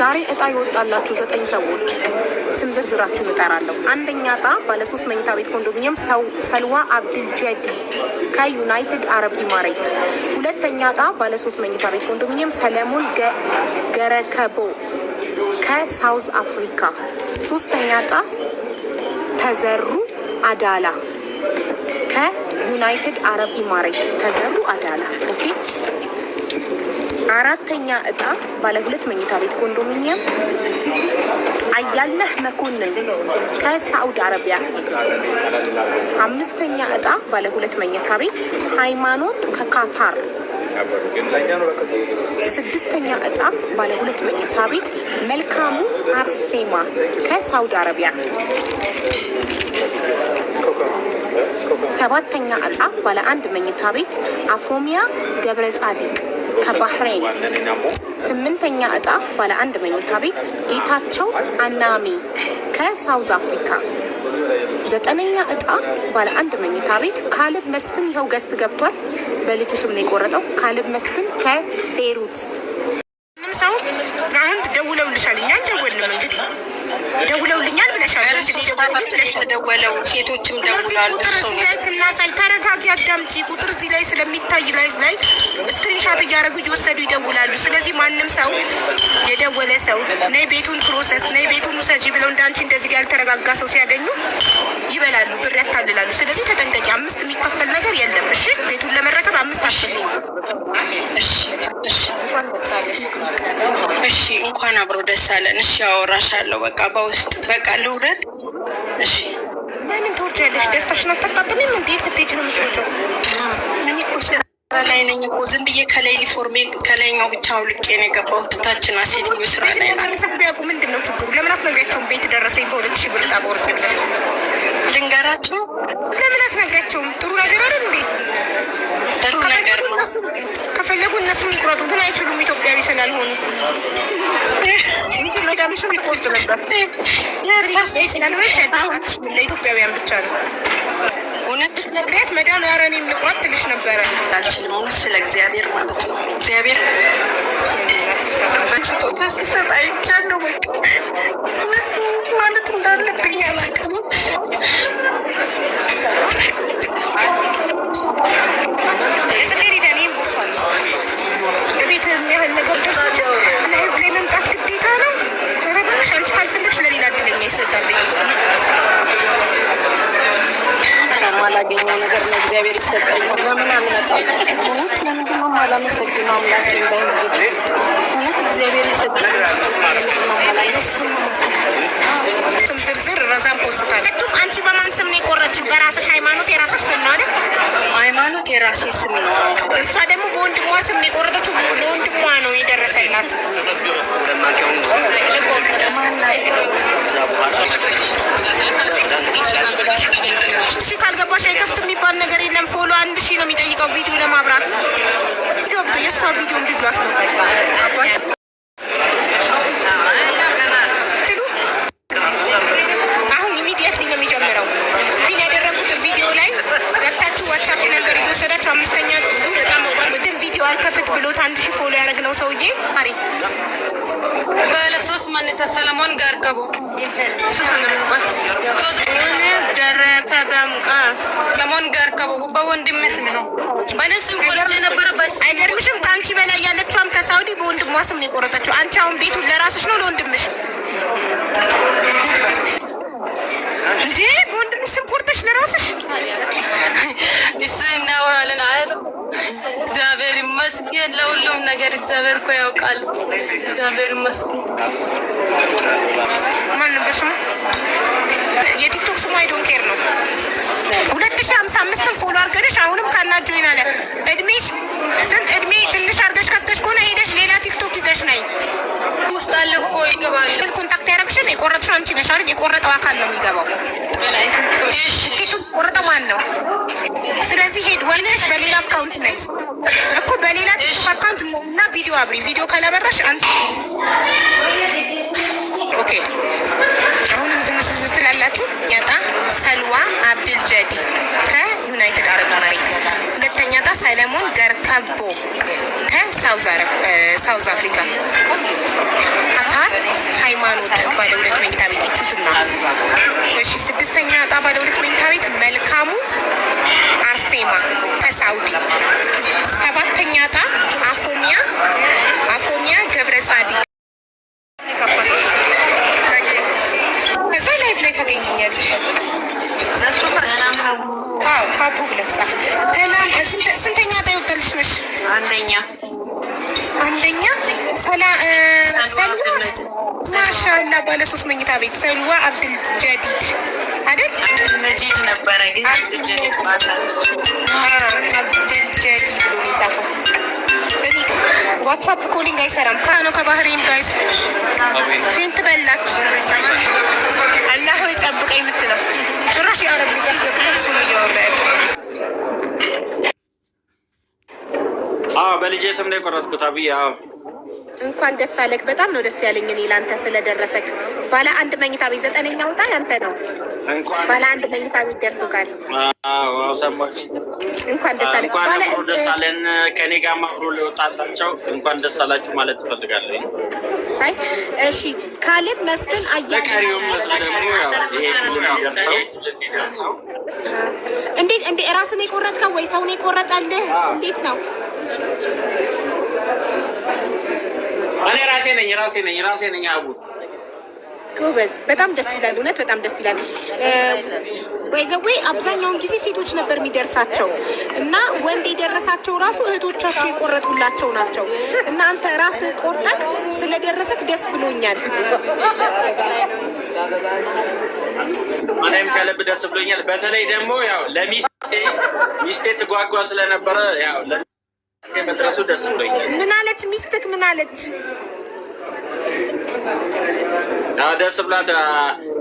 ዛሬ እጣ የወጣላችሁ ዘጠኝ ሰዎች ስም ዝርዝራችሁ እጠራለሁ። አንደኛ እጣ ባለሶስት መኝታ ቤት ኮንዶሚኒየም ሰልዋ አብድል ከዩናይትድ አረብ ኢማሬት። ሁለተኛ እጣ ባለሶስት መኝታ ቤት ኮንዶሚኒየም ሰለሞን ገረከቦ ከሳውዝ አፍሪካ። ሶስተኛ እጣ ተዘሩ አዳላ ከዩናይትድ አረብ ኢማሬት። ተዘሩ አዳላ ኦኬ አራተኛ እጣ ባለ ሁለት መኝታ ቤት ኮንዶሚኒየም አያልነህ መኮንን ከሳዑድ አረቢያ። አምስተኛ እጣ ባለ ሁለት መኝታ ቤት ሃይማኖት ከካታር። ስድስተኛ እጣ ባለ ሁለት መኝታ ቤት መልካሙ አርሴማ ከሳዑድ አረቢያ። ሰባተኛ እጣ ባለ አንድ መኝታ ቤት አፎሚያ ገብረ ጻዲቅ ከባህሬን ስምንተኛ እጣ ባለ አንድ መኝታ ቤት ጌታቸው አናሚ ከሳውዝ አፍሪካ ዘጠነኛ እጣ ባለ አንድ መኝታ ቤት ካልብ መስፍን ይኸው ገዝት ገብቷል። በልጁ ስም ነው የቆረጠው። ካልብ መስፍን ከቤሩት በመብት ስናሳይ ተረጋጊ፣ አዳምጪ። ቁጥር እዚህ ላይ ስለሚታይ ላይቭ ላይ ስክሪንሻት እያደረጉ እየወሰዱ ይደውላሉ። ስለዚህ ማንም ሰው የደወለ ሰው ነይ ቤቱን ፕሮሰስ ነይ ቤቱን ውሰጂ ብለው እንዳንቺ እንደዚህ ያልተረጋጋ ሰው ሲያገኙ ይበላሉ፣ ብር ያታልላሉ። ስለዚህ ተጠንቀቂ። አምስት የሚከፈል ነገር የለም። እሺ፣ ቤቱን ለመረከብ አምስት አፈል እሺ፣ እንኳን አብሮ ደስ አለን። እሺ፣ አወራሻለሁ። በቃ በውስጥ በቃ ልውረድ እሺ ለምን ትወርጃለሽ? ደስታሽን አታቃጥሚም? እንዴት ልትሄጂ ነው እኔ እኮ ስራ ላይ ነኝ እኮ ዝም ብዬ ከላይ ሊፎርሜ ከላይኛው ብቻ አውልቄ ነው የገባሁት። ታችና ሴትዮ ስራ ላይ ናት። ቢያውቁ ምንድን ነው ችግሩ? ለምን አትነግሪያቸውም? ቤት ደረሰኝ በሁለት ሺህ ብር ልንገራቸው። ለምን አትነግሪያቸውም? ጥሩ ነገር አይደል እንዴ? መግባቱ ግን አይችሉም ኢትዮጵያዊ ስላልሆኑ ሜዳሊሱም ይቆርጥ ነበር። ለኢትዮጵያውያን ብቻ ነው። ምክንያት መዳም ያረን የሚቋት ትልሽ ነበረ አልችልም። እውነት ስለ እግዚአብሔር ማለት ነው። እግዚአብሔር ሲሰጥ አይቻለሁ። ማለት እንዳለብኝ አላውቅም። በራሴ ስም ነው እሷ ደግሞ በወንድሟ ስም የቆረጠችው ለወንድሟ ነው የደረሰላት። እሺ ካልገባሽ አይከፍት የሚባል ነገር የለም። ፎሎ አንድ ሺህ ነው የሚጠይቀው ቪዲዮ ለማብራት ቪዲዮ የእሷ ቪዲዮ እንዲሏት ነው ብሎት አንድ ሺህ ፎሎ ነው ሰውዬ አሪ ባለሶስት ማንነት ሰለሞን ጋር ከቦ ሰለሞን ገርገቡ በወንድም ስም ነው። በነፍስም ቆርጬ ነበረ። አይገርምሽም? ከአንቺ በላይ ያለችዋም ከሳውዲ በወንድሟ ስም ነው የቆረጠችው። አንቺ አሁን ቤቱ ለራስሽ ነው ለወንድምሽ እንዴ በወንድምሽ ስም ቆርጠሽ ለራስሽ እሱ እናወራለን አይሉ እግዚአብሔር ይመስገን ለሁሉም ነገር እግዚአብሔር እኮ ያውቃል። እግዚአብሔር ይመስገን። ማን ነበር የቲክቶክ ስሙ አይዶን ኬር ነው። ሁለት ሺ ሀምሳ አምስትን ፎሎ አርገደሽ አሁንም ካናት ጆይን አለ እድሜሽ ስንት እድሜ ትንሽ አርገሽ ከፍተሽ ከሆነ ሄደሽ ሌላ ቲክቶክ ይዘሽ ነይ ሪፎርም ውስጥ አለ እኮ ይገባል። ኮንታክት ያደረግሽን የቆረጥሽው አንቺ ነሽ አይደል? የቆረጠው አካል ነው የሚገባው። ቆረጠው ማን ነው? ስለዚህ ሄድ ወለሽ በሌላ አካውንት ነይ እኮ በሌላ አካውንት እና ቪዲዮ አብሪ። ቪዲዮ ካላበራሽ አንቺ ኦኬ። አሁንም ዝም ስላላችሁ ያጣ ሰልዋ አብድል ጀዲ ከዩናይትድ አረብ ኤምሬት፣ ሁለተኛ ጣ ሰለሞን ገርከቦ ሳውዝ አፍሪካ eh, አካል ሃይማኖት ባለ ሁለት መኝታ ቤት ይችቱና። እሺ ስድስተኛ እጣ ባለ ሁለት መኝታ ቤት መልካሙ አርሴማ ከሳውዲ። ሰባተኛ እጣ አፎሚያ አፎሚያ ገብረ ጻዲቅ እዛ ላይፍ ላይ ታገኘኛለሽ። ስንተኛ አንደኛ አንደኛ ማሻላ ባለ ሶስት መኝታ ቤት ሰልዋ አብድል ጀዲድ አይደል? አብድል መጂድ ነበረ ግን አብድል ጀዲድ አብድል ጀዲ ብሎ የጻፈው ዋትሳፕ ኮሊንግ አይሰራም። ካኖ ከባህሬን ጋይስ ፊንት በላች። አላህ ሆይ ጠብቀኝ የምትለው ጭራሽ የአረብ ልጅ አስገብታ እሱ ነው እያወራ ያለ በልጄ ስም ነው የቆረጥኩት። አብይ። አዎ እንኳን ደስ አለክ። በጣም ነው ደስ ያለኝ እኔ ለአንተ ስለደረሰክ። ባለ አንድ መኝታ ቤት ዘጠነኛ ውጣ ያንተ ነው። ባለ አንድ መኝታ ቤት አዎ፣ ሰማች። እንኳን ደስ አለህ። እንኳን ደስ አለን። ከኔ ጋር አብሮ ሊወጣላቸው እንኳን ደስ አላችሁ ማለት ትፈልጋለኝ። ሳይ እሺ፣ ካሌብ መስፍን አያ እንዴት እንዴ፣ ራስን የቆረጥከው ወይ ሰውን የቆረጠልህ እንዴት ነው? እኔ ራሴ ነኝ ራሴ ነኝ ራሴ ነኝ። አቡ ጎበዝ፣ በጣም ደስ ይላል። እውነት በጣም ደስ ይላል። ባይዘዌ አብዛኛውን ጊዜ ሴቶች ነበር የሚደርሳቸው እና ወንድ የደረሳቸው ራሱ እህቶቻቸው የቆረጡላቸው ናቸው። እና አንተ ራስህ ቆርጠክ ስለደረሰክ ደስ ብሎኛል። እኔም ከልብ ደስ ብሎኛል። በተለይ ደግሞ ያው ለሚስቴ ሚስቴ ትጓጓ ስለነበረ ያው መድረሱ ደስ ብሎኛል። ምን አለች ሚስትክ? ምን አለች? ደስ ብሏት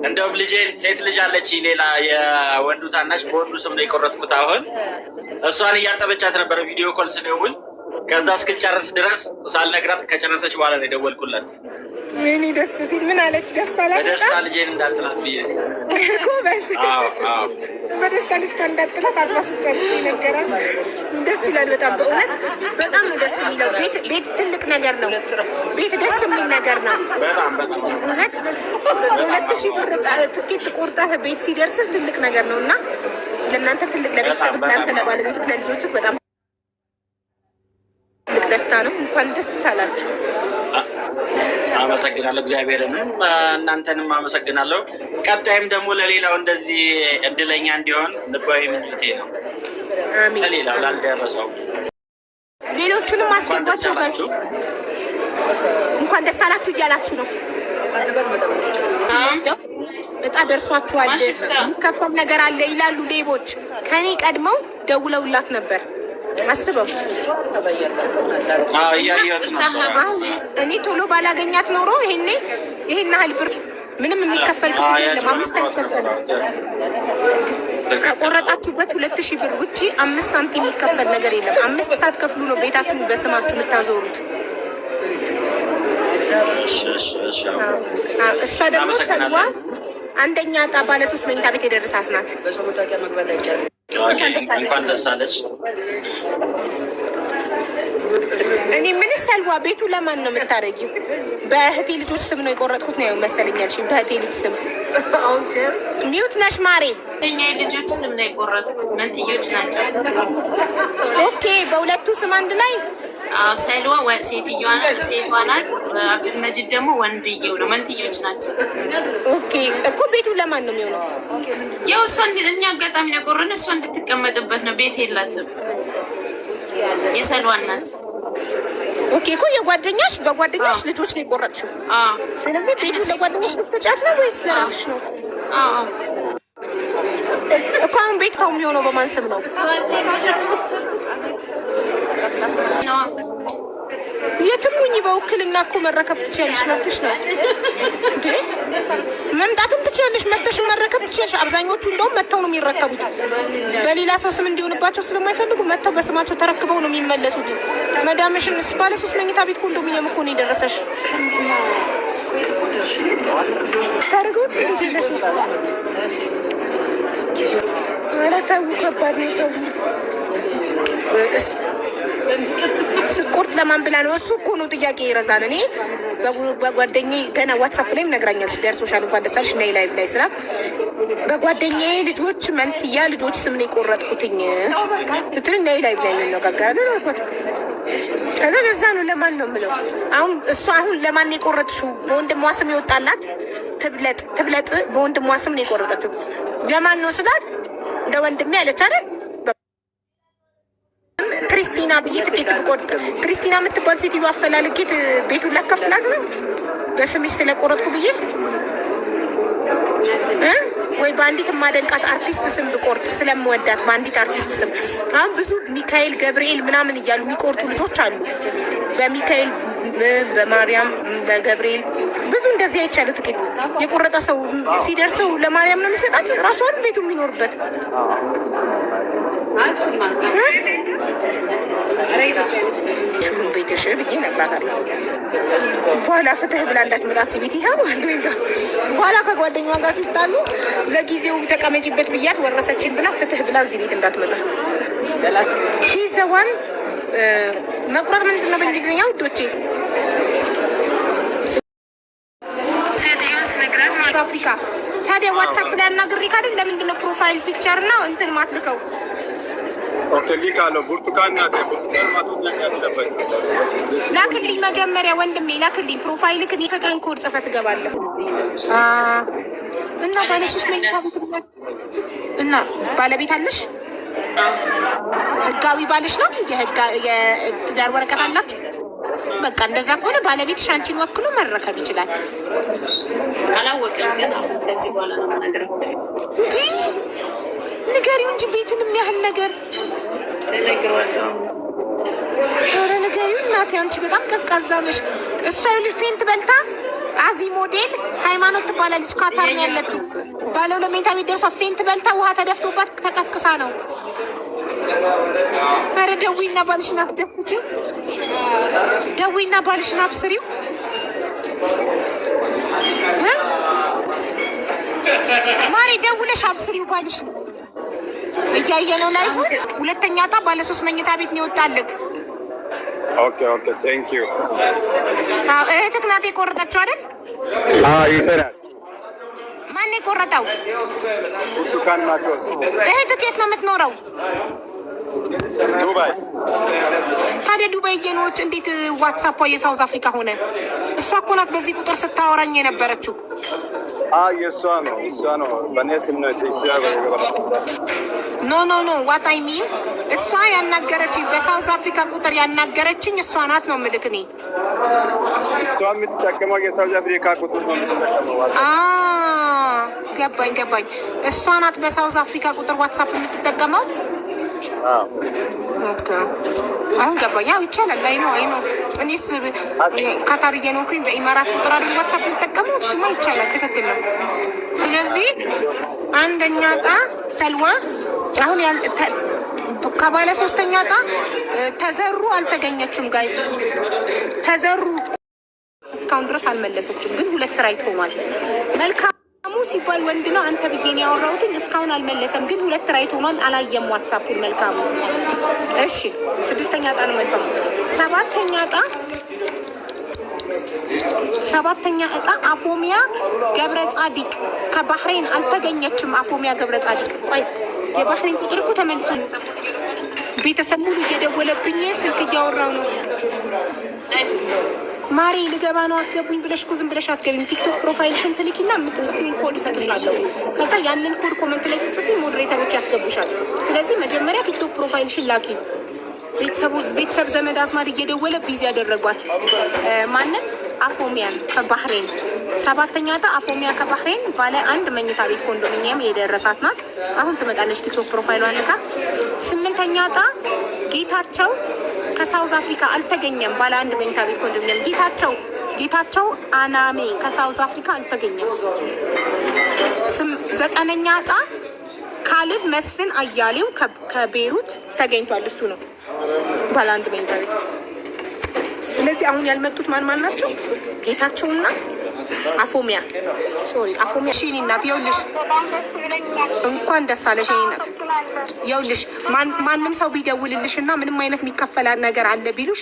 እንደውም ልጄ ሴት ልጅ አለች ሌላ የወንዱ ታናሽ በወንዱ ስም ነው የቆረጥኩት። አሁን እሷን እያጠበቻት ነበር ቪዲዮ ኮል ስደውል ከዛ እስክጨርስ ድረስ ሳልነግራት ከጨረሰች በኋላ ነው የደወልኩላት። ምን ደስ ሲል ምን አለች? ደስ አላት። በደስታ ልጄን እንዳጥላት ብዬ ጎበዝ፣ በደስታ ልጅቷ እንዳጥላት አድማሱ ጨርስ ይነገራል። ደስ ይላል በጣም በእውነት በጣም ነው ደስ የሚለው። ቤት ቤት ትልቅ ነገር ነው። ቤት ደስ የሚል ነገር ነው። እውነት ሁለት ሺህ ብር ትኬት ቆርጠህ ቤት ሲደርስህ ትልቅ ነገር ነው እና ለእናንተ ትልቅ ለቤተሰብ እናንተ ለባለቤት ለልጆች በጣም አመሰግናለሁ። እግዚአብሔርንም እናንተንም አመሰግናለሁ። ቀጣይም ደግሞ ለሌላው እንደዚህ እድለኛ እንዲሆን ልባዊ ምኞቴ ነው። ለሌላው ላልደረሰው ሌሎቹንም አስገባቸው። እንኳን ደስ አላችሁ እያላችሁ ነው። እጣ ደርሷችኋል። ከፋም ነገር አለ ይላሉ ሌቦች። ከኔ ቀድመው ደውለውላት ነበር አስበው እኔ ቶሎ ባላገኛት ኖሮ ይሄኔ ይሄን ያህል ብር ምንም የሚከፈል ክፍል የለም። አምስት አይከፈልም። ከቆረጣችሁበት ሁለት ሺህ ብር ውጭ አምስት ሳንቲም የሚከፈል ነገር የለም። አምስት ሰዓት ከፍሉ ነው ቤታችሁን በስማችሁ የምታዞሩት። እሷ ደግሞ ሰድዋ አንደኛ ዕጣ ባለ ሶስት መኝታ ቤት የደረሳት ናት። እንኳን ደስ አለሽ። እኔ ምን ሰልዋ ቤቱ ለማን ነው የምታደርጊው? በእህቴ ልጆች ስም ነው የቆረጥኩት ነው መሰለኛል። በእህቴ ልጅ ስም ሚውት ነሽ ማሬ። እኛ ልጆች ስም ነው የቆረጥኩት፣ መንትዮች ናቸው። ኦኬ፣ በሁለቱ ስም አንድ ላይ ሰልዋ ሴትዮዋ ሴቷ ናት። አብዱል መጂድ ደግሞ ወንድየው ነው። መንትዮች ናቸው ኦኬ እኮ። ቤቱ ለማን ነው የሚሆነው? ያው እሷ እኛ አጋጣሚ ነገርን እሷ እንድትቀመጥበት ነው። ቤት የላትም። የሰልዋ ናት። ኦኬ እኮ የጓደኛሽ በጓደኛሽ ልጆች ነው የቆረጥሽው። ስለዚህ ቤቱ ለጓደኛሽ ብትጫት ነው ወይስ ለራስሽ ነው? እኮ አሁን ቤት የሚሆነው በማን ስም ነው? የትም ሁኚ በውክልና እኮ መረከብ ትችያለሽ፣ መብትሽ ነው። መምጣትም ትችያለሽ፣ መጥተሽም መረከብ ትችያለሽ። አብዛኞቹ እንደውም መተው ነው የሚረከቡት። በሌላ ሰው ስም እንዲሆንባቸው ስለማይፈልጉ መተው በስማቸው ተረክበው ነው የሚመለሱት። መዳመሽን ባለ ሶስት መኝታ ቤት ኮንዶሚኒየም እኮ ነው የደረሰሽ። ተው፣ ከባድ ነው ተው ስቁርት ለማን ብላ ነው? እሱ እኮ ነው ጥያቄ ይረዛል። እኔ በጓደኛዬ ገና ዋትሳፕ ላይም ነግራኛለች። ደርሶሻል እንኳን ደስ አለሽ ነይ ላይቭ ላይ ስላት በጓደኛዬ ልጆች መንትያ ልጆች ስም ነው የቆረጥኩትኝ ስትል ነይ ላይቭ ላይ እንነጋገራለን አልኳት። ከዛ ለዛ ነው ለማን ነው የምለው። አሁን እሱ አሁን ለማን የቆረጥሽው? በወንድሟ ስም ይወጣላት ትብለጥ ትብለጥ በወንድሟ ስም ነው የቆረጠችው። ለማን ነው ስላት ለወንድሜ አለች አይደል ክርስቲና ብዬ ትኬት ብቆርጥ ክርስቲና የምትባል ሴትዮ አፈላልጌት ቤቱን ላከፍላት ነው በስምሽ ስለቆረጥኩ ብዬ ወይ በአንዲት የማደንቃት አርቲስት ስም ብቆርጥ ስለምወዳት በአንዲት አርቲስት ስም አሁን ብዙ ሚካኤል ገብርኤል ምናምን እያሉ የሚቆርጡ ልጆች አሉ። በሚካኤል በማርያም በገብርኤል ብዙ እንደዚህ አይቻሉ። ጥቂት የቆረጠ ሰው ሲደርሰው ለማርያም ነው የሚሰጣት ራሷን ቤቱ የሚኖርበት ሹም ቤተሰብ ብዬ ነግራታለሁ። በኋላ ፍትህ ብላ እንዳትመጣት ቤት ይኸው በኋላ ከጓደኛዋ ጋር ሲጣሉ ለጊዜው ተቀመጪበት ብያት ወረሰችን ብላ ፍትህ ብላ እዚህ ቤት እንዳትመጣ ሺዘዋን መቁረጥ ምንድን ነው በእንግሊዝኛ ውዶቼ? አፍሪካ ታዲያ ዋትሳፕ ላይ አናግሬ ካደል ለምንድነው ፕሮፋይል ፒክቸር እና እንትን ማትልከው? ነው። ብርቱካን ናት። ላክልኝ መጀመሪያ ወንድሜ ላክልኝ፣ ፕሮፋይል ክን የፈጠን ኮድ ጽፈት እገባለሁ እና ባለ ሶስት መኝታ እና ባለቤት አለሽ? ህጋዊ ባልሽ ነው? የትዳር ወረቀት አላችሁ? በቃ እንደዛ ከሆነ ባለቤትሽ አንቺን ወክሎ መረከብ ይችላል። አላወቅም ግን አሁን ከዚህ በኋላ ነው የምነግረው። ንገሪው እንጂ ቤትን የሚያህል ነገር ኧረ ንገሪው እናቴ፣ አንቺ በጣም ቀዝቃዛ ነሽ። እሷ ኤሊፌንት በልታ አዚ ሞዴል ሃይማኖት ትባላለች። ካታር ነው ያለችው። ፌንት በልታ ውሃ ተደፍቶባት ተቀስቅሳ ነው። ኧረ ደዊና ባልሽን ደዊና ባልሽን አብስሪው። ማሪ ደውለሽ አብስሪው ነው እያየ ነው ላይፉን። ሁለተኛ ጣ ባለ ሶስት መኝታ ቤት ነው ይወጣልክ። ኦኬ ኦኬ፣ ቴንክ ዩ። እህትህ ናት የቆረጠችው አይደል? ማነው የቆረጠው? እህትህ የት ነው የምትኖረው? ዱባይ። ታዲያ ዱባይ እየኖረች እንዴት ዋትሳፖ የሳውዝ አፍሪካ ሆነ? እሷ እኮ ናት በዚህ ቁጥር ስታወራኝ የነበረችው። የእሷ ነው የእሷ ነው። በእኔ ስም ኖ ኖ ኖ ዋት አይ ሚን እሷ ያናገረችኝ በሳውዝ አፍሪካ ቁጥር ያናገረችኝ እሷ ናት ነው ምልክ እኔ እሷ የምትጠቀመው የሳውዝ አፍሪካ ቁጥር ነው የምትጠቀመው። ገባኝ ገባኝ። እሷ ናት በሳውዝ አፍሪካ ቁጥር ዋትሳፕ የምትጠቀመው አሁን ገባኝ። ያው ይቻላል። አይ ነው አይ ነው። እኔስ ካታር እየኖርኩኝ በኢማራት ቁጥር አይደል ዋትሳፕ የምጠቀመው። እሱማ ይቻላል። ትክክል ነው። ስለዚህ አንደኛ ዕጣ ሰልዋ አሁን ከባለ ሶስተኛ ዕጣ ተዘሩ አልተገኘችም። ጋይስ ተዘሩ እስካሁን ድረስ አልመለሰችም፣ ግን ሁለት ራይት ሆኗል። መልካም ሲባል ወንድ ነው አንተ ብዬን ያወራሁትኝ። እስካሁን አልመለሰም፣ ግን ሁለት ራይት ሆኗል። አላየም ዋትሳፑን። መልካሙ እሺ፣ ስድስተኛ እጣ ነው መልካሙ። ሰባተኛ እጣ ሰባተኛ እጣ አፎሚያ ገብረ ጻዲቅ ከባህሬን አልተገኘችም። አፎሚያ ገብረ ጻዲቅ ቆይ የባህሬን ቁጥር እኮ ተመልሶ ቤተሰብ ሙሉ እየደወለብኝ ስልክ እያወራው ነው። ማሪ ልገባ ነው አስገቡኝ ብለሽ እኮ ዝም ብለሽ አትገቢም። ቲክቶክ ፕሮፋይልሽን ትልኪና የምትጽፊውን ኮድ ይሰጥሻለሁ። ከዛ ያንን ኮድ ኮመንት ላይ ስጽፊ ሞዴሬተሮች ያስገቡሻል። ስለዚህ መጀመሪያ ቲክቶክ ፕሮፋይልሽን ላኪ። ቤተሰብ ዘመድ አዝማድ እየደወለ ቢዚ ያደረጓት ማንን? አፎሚያን ከባህሬን ሰባተኛ ዕጣ አፎሚያ ከባህሬን ባለ አንድ መኝታ ቤት ኮንዶሚኒየም የደረሳት ናት። አሁን ትመጣለች። ቲክቶክ ፕሮፋይሏን ልካ ስምንተኛ ዕጣ ጌታቸው ከሳውዝ አፍሪካ አልተገኘም። ባለ አንድ መኝታ ቤት ኮንዶሚኒየም ጌታቸው ጌታቸው አናሜ ከሳውዝ አፍሪካ አልተገኘም። ዘጠነኛ እጣ ካልብ መስፍን አያሌው ከቤሩት ተገኝቷል። እሱ ነው ባለ አንድ መኝታ ቤት። ስለዚህ አሁን ያልመጡት ማን ማን ናቸው? ጌታቸውና አፎሚያ ሶሪ አፎሚያ። እሺ እናት ይኸውልሽ፣ እንኳን ደስ አለሽ የእኔ እናት። ይኸውልሽ ማንም ሰው ቢደውልልሽ እና ምንም አይነት የሚከፈል ነገር አለ ቢሉሽ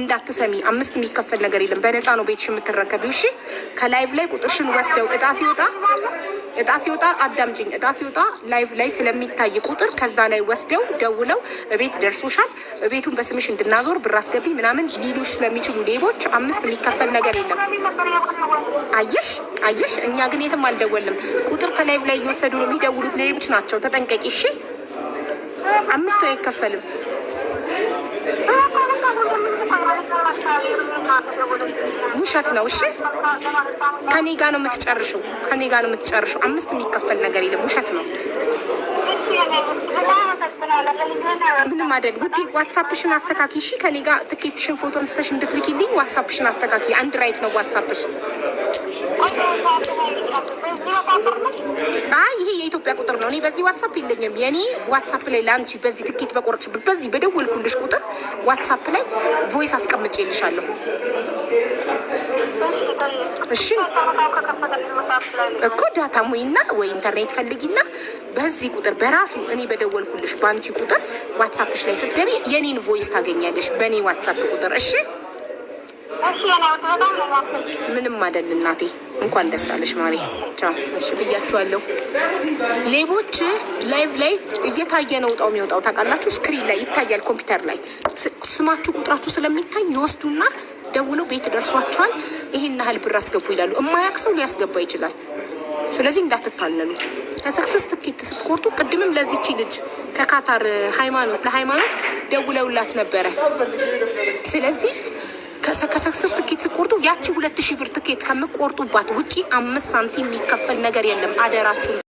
እንዳትሰሚ። አምስት የሚከፈል ነገር የለም። በነፃ ነው ቤትሽ የምትረከቢው። እሺ ከላይቭ ላይ ቁጥርሽን ወስደው እጣ ሲወጣ እጣ ሲወጣ አዳምጪኝ፣ እጣ ሲወጣ ላይቭ ላይ ስለሚታይ ቁጥር ከዛ ላይ ወስደው ደውለው ቤት ደርሶሻል፣ ቤቱን በስምሽ እንድናዞር ብር አስገቢ ምናምን ሊሉሽ ስለሚችሉ ሌቦች አምስት የሚከፈል ነገር የለም። አየሽ አየሽ፣ እኛ ግን የትም አልደወልም። ቁጥር ከላይቭ ላይ እየወሰዱ ነው የሚደውሉት ሌቦች ናቸው። ተጠንቀቂ እሺ። አምስት አይከፈልም። ውሸት ነው። እሺ ከኔ ጋ ነው የምትጨርሽው፣ ከኔ ጋ ነው የምትጨርሽው። አምስት የሚከፈል ነገር የለም። ውሸት ነው። ምንም አይደል ውዴ። ዋትሳፕሽን አስተካኪ እሺ። ከኔ ጋ ትኬትሽን ፎቶ አንስተሽ እንድትልኪልኝ ዋትሳፕሽን አስተካኪ። አንድ ራይት ነው ዋትሳፕሽ አይ ይሄ የኢትዮጵያ ቁጥር ነው። እኔ በዚህ ዋትሳፕ የለኝም። የኔ ዋትሳፕ ላይ ለአንቺ በዚህ ትኬት በቆረጥሽበት በዚህ በደወልኩልሽ ቁጥር ዋትሳፕ ላይ ቮይስ አስቀምጬልሻለሁ። እሺ እኮ ዳታ ሙይና ወይ ኢንተርኔት ፈልጊና በዚህ ቁጥር በራሱ እኔ በደወልኩልሽ በአንቺ ቁጥር ዋትሳፕሽ ላይ ስትገቢ የኔን ቮይስ ታገኛለሽ በእኔ ዋትሳፕ ቁጥር እሺ። ምንም አይደል እናቴ፣ እንኳን ደስ አለሽ ማሬ። ቻው እሺ ብያችኋለሁ። ሌቦች ላይቭ ላይ እየታየ ነው እጣው የሚወጣው ታውቃላችሁ። ስክሪን ላይ ይታያል፣ ኮምፒውተር ላይ ስማችሁ፣ ቁጥራችሁ ስለሚታይ ይወስዱና ደውለው ቤት ደርሷችኋል፣ ይህን ያህል ብር አስገቡ ይላሉ። እማያቅ ሰው ሊያስገባ ይችላል። ስለዚህ እንዳትታለሉ። ከሰክሰስ ትኬት ስትቆርጡ ቅድምም ለዚች ልጅ ከካታር ሃይማኖት ለሃይማኖት ደውለውላት ነበረ። ስለዚህ ከሰክሰስ ትኬት ስቆርጡ ያቺ ሁለት ሺህ ብር ትኬት ከምቆርጡባት ውጪ አምስት ሳንቲም የሚከፈል ነገር የለም። አደራችሁ